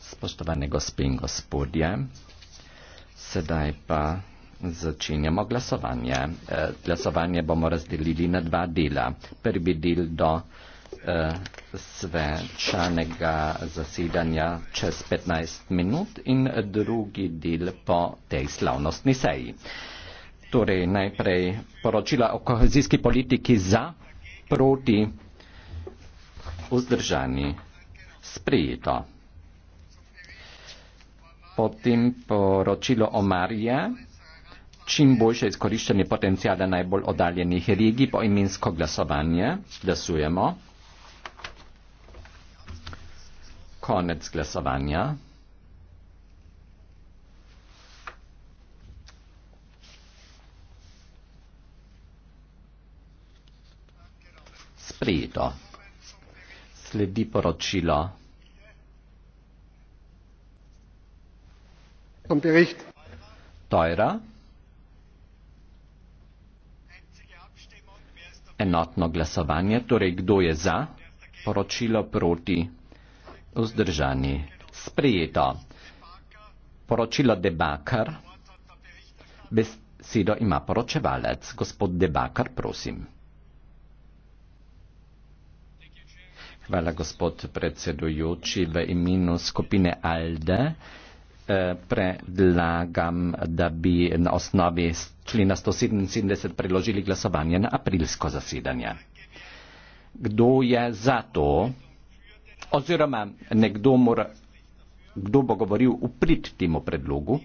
Spoštovane gospe in gospodje, sedaj pa začenjamo glasovanje. Eh, glasovanje bomo razdelili na dva dela. Prvi del do eh, svečanega zasedanja čez 15 minut in drugi del po tej slavnostni seji. Torej najprej poročila o kohezijski politiki za, proti vzdržani. Sprejeto. Potem poročilo Omarje, čim boljše izkoriščanje potencijala najbolj oddaljenih regij po imensko glasovanje. Glasujemo. Konec glasovanja. Sprejeto sledi poročilo. Teura. Enotno glasovanje, torej kdo je za poročilo proti vzdržani. Sprijeto. Poročilo debakar. Besedo ima poročevalec. Gospod debakar, prosim. Hvala, gospod predsedujoči. V imenu skupine ALDE eh, predlagam, da bi na osnovi člena 177 predložili glasovanje na aprilsko zasedanje. Kdo je za to, oziroma nekdo mora, kdo bo govoril uprit temu predlogu?